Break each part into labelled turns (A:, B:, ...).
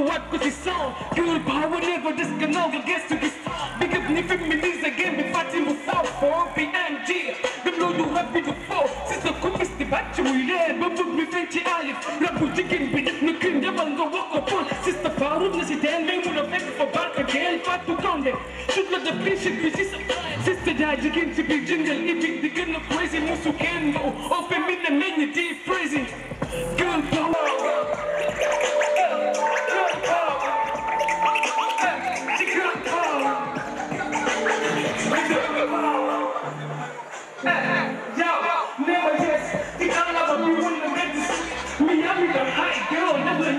A: ku waat ko ci sound girl power never disconnect nga gëstu gi big up ni féminise game bi fàtti mu saw foo bi ng gëm loolu rab bi du foo si sa kumis di bàcc muy leer ba bëgg mi feeñ ci alif rabu jigéen bi def na kër demal nga wax ko pon si sa faarut na si teen day mun a fekk fa barka geel fàttu konde sut la def bishit bi si sa si sa jaay jigéen ci biir jëngal ibi di gën a crazy musu kenn nga open mi na meññ di praising girl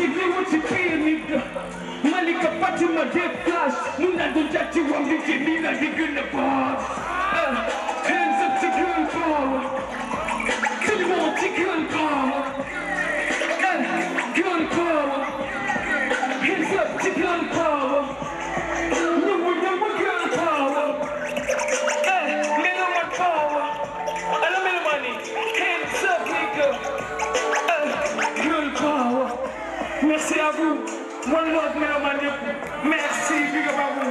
A: wuti li wuti biir nit Malika Fatima déplage mun di ci nii la di a Babou One Love Mélomane yëpp merci Biga Babou.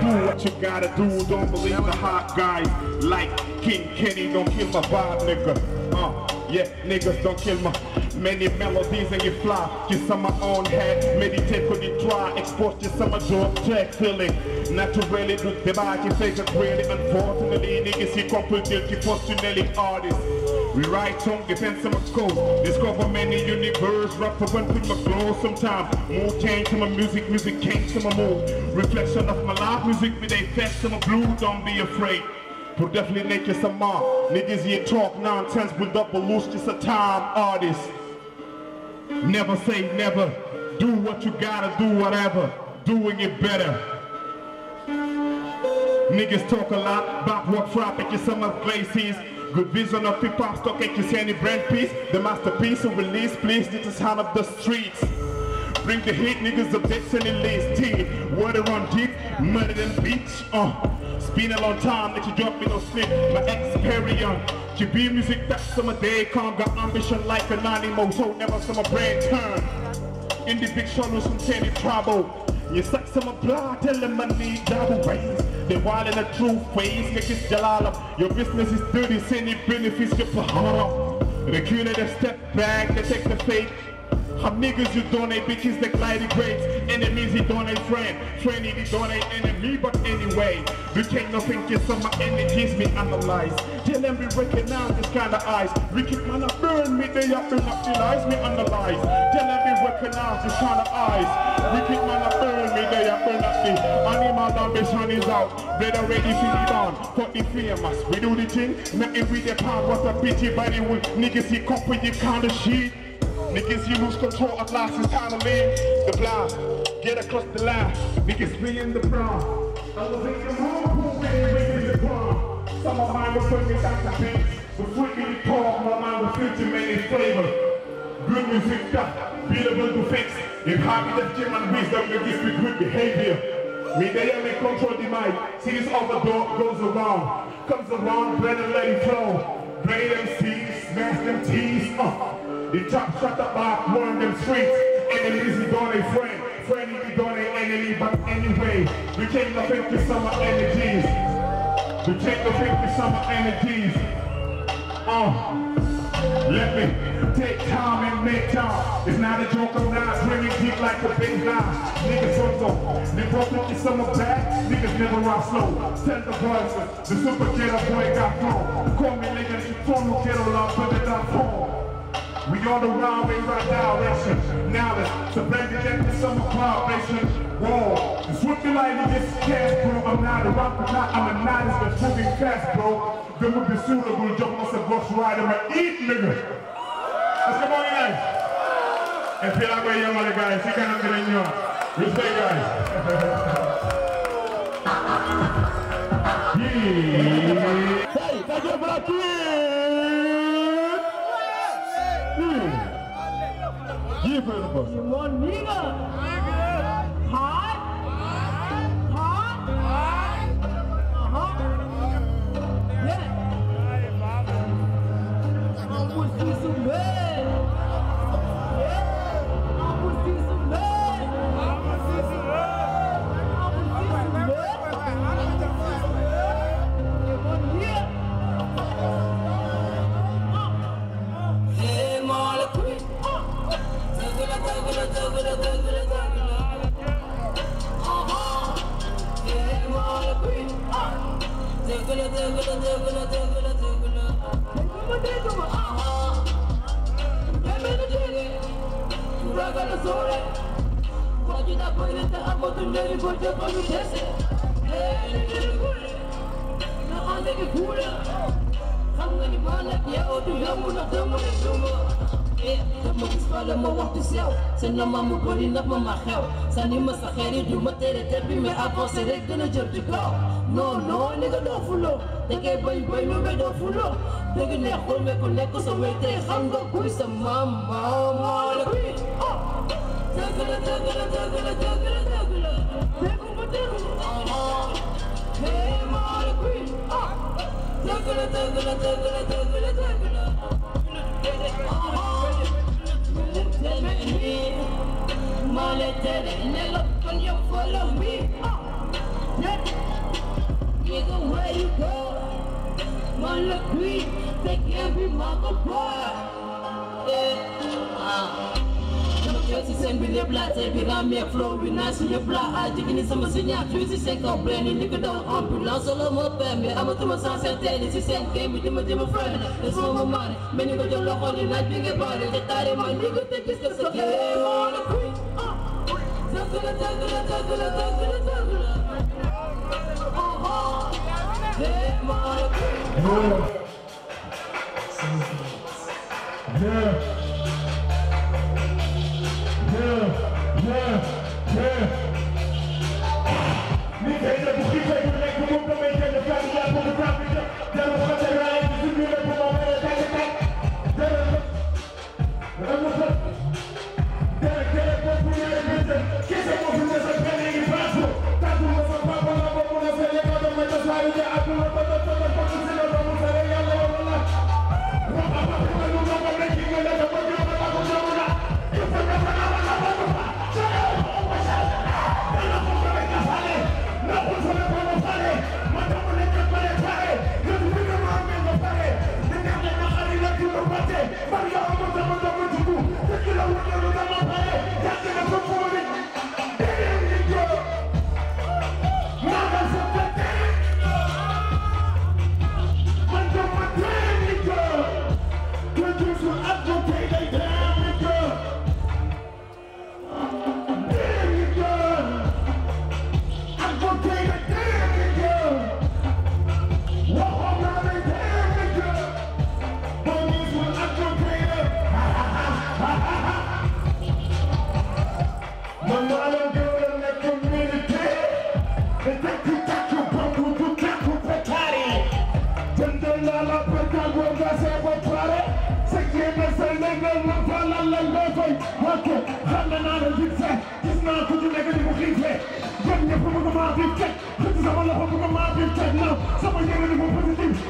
B: Do what you gotta do, don't believe the hot guy like King Kenny, don't kill my vibe, nigga. Uh, yeah, niggas don't kill my many melodies and you fly. Kiss on my own head, meditate when you try. Expose your summer job, check feeling. Naturally, do the back, you say that really unfortunately. Niggas, you complete guilty, fortunately artists. We ride tongue, depends on my code. Discover many universe, rap up and put my glow sometimes. More change to my music, music change to my mood. Reflection of my life, music with a fest to blue, don't be afraid. Pour definitely make you some more. Niggas here talk nonsense, build up a loose, just time artist. Never say never. Do what you gotta do, whatever. Doing it better. Niggas talk a lot about what traffic is some of Good vision of people have stock any brand piece. The masterpiece will release, please, this is hand of the streets. Bring the heat, niggas of destiny lays deep. Water on deep, murder than beach. Uh, it's been a long time that you drop me no sleep. My experience. She be music that's summer day come. Got ambition like an animal, so never summer brain turn. In the big shoulders from any trouble. You suck some blood, tell them I need double ways. They wild in a true face, make it jalala. Your business is dirty, send it benefits to harm. The cure they step back, they take the fate. How niggas you donate, bitches declare the grades. Enemies he donate friend, friend he donate enemy. But anyway, we can't nothing get some my energies me analyze. Tell them we recognize this kind of eyes. Wicked man up burn me, they up in up the lies me analyze. Tell them we recognize this kind of eyes. Wicked man up burn me, they a bitchy body with niggas he cop with the kind of shit. Niggas, you lose control of life, it's time to leave the blind. Get across the line, niggas, we in the prime. Elevate the home, we in the prime. Some of mine will bring me down to beats. We're freaking tall, my mind will feel too many flavors. Good music that beatable to fix. If happy that gym and wisdom will give me good behavior. Media may control the mind. See this other door goes around. Comes around, blend and let it flow. Brain MCs, Smash them tees up. They chop shut up by learn them streets. Enemies is on a friend. Friend is on a enemy, but anyway, we came to think with summer energies. We came to think with summer energies. Uh. Let me take time and make time. It's not a joke of knives, bringing deep like a big knife. Niggas so so, nigga think you some of that. Niggas never rock slow. Tell the boys, the super ghetto boy got thrown. Call me nigga, you phone no ghetto love, put it on phone. We on the round, we right now, that's it. Now let's, so baby, get the summer cloud, basement, wall. feel like he gets cash, bro. I'm not a rapper, not I'm an artist, but moving fast, bro. Dama bi suura bul jox ma sa bopp waaye dama eat nigga. parce que moo ngi lay. et puis laa koy yemale gars yi si kanam dinañ ñëw.
A: respect gars yi. Hey, daje gratuit. Jiifal ko. Xam nga ni maa la yow du yomb na dama la duma ma gis ma waxtu sew seen na mu bëri nag ma xew sànni ma sa xeer yi ma tere te bi mais avancé ah. gën a jëm ci kaw non non ni nga doo fuloo da ngay bañ bañ lu mais doo fuloo dëgg neexul mais ku nekk sa wéy tey xam kuy sa maam maam kuy oh dëgg la dëgg la dëgg la dëgg la gonna be up. Either way you go, one look three, they can't be multiplied. Yeah. Uh. Chozi sembi le bla tebi ramye flow we nice in your bla I dig in some sinya chozi se complain ni nigga don't ambulance solo mo pembe ama tuma sa se tele si sen game di mo di mo friend it's all my money many go your local in that big body the tare my nigga take this cause yeah Yeah. sama loxo bu ko maa biir teg na sama yéene ni mu positif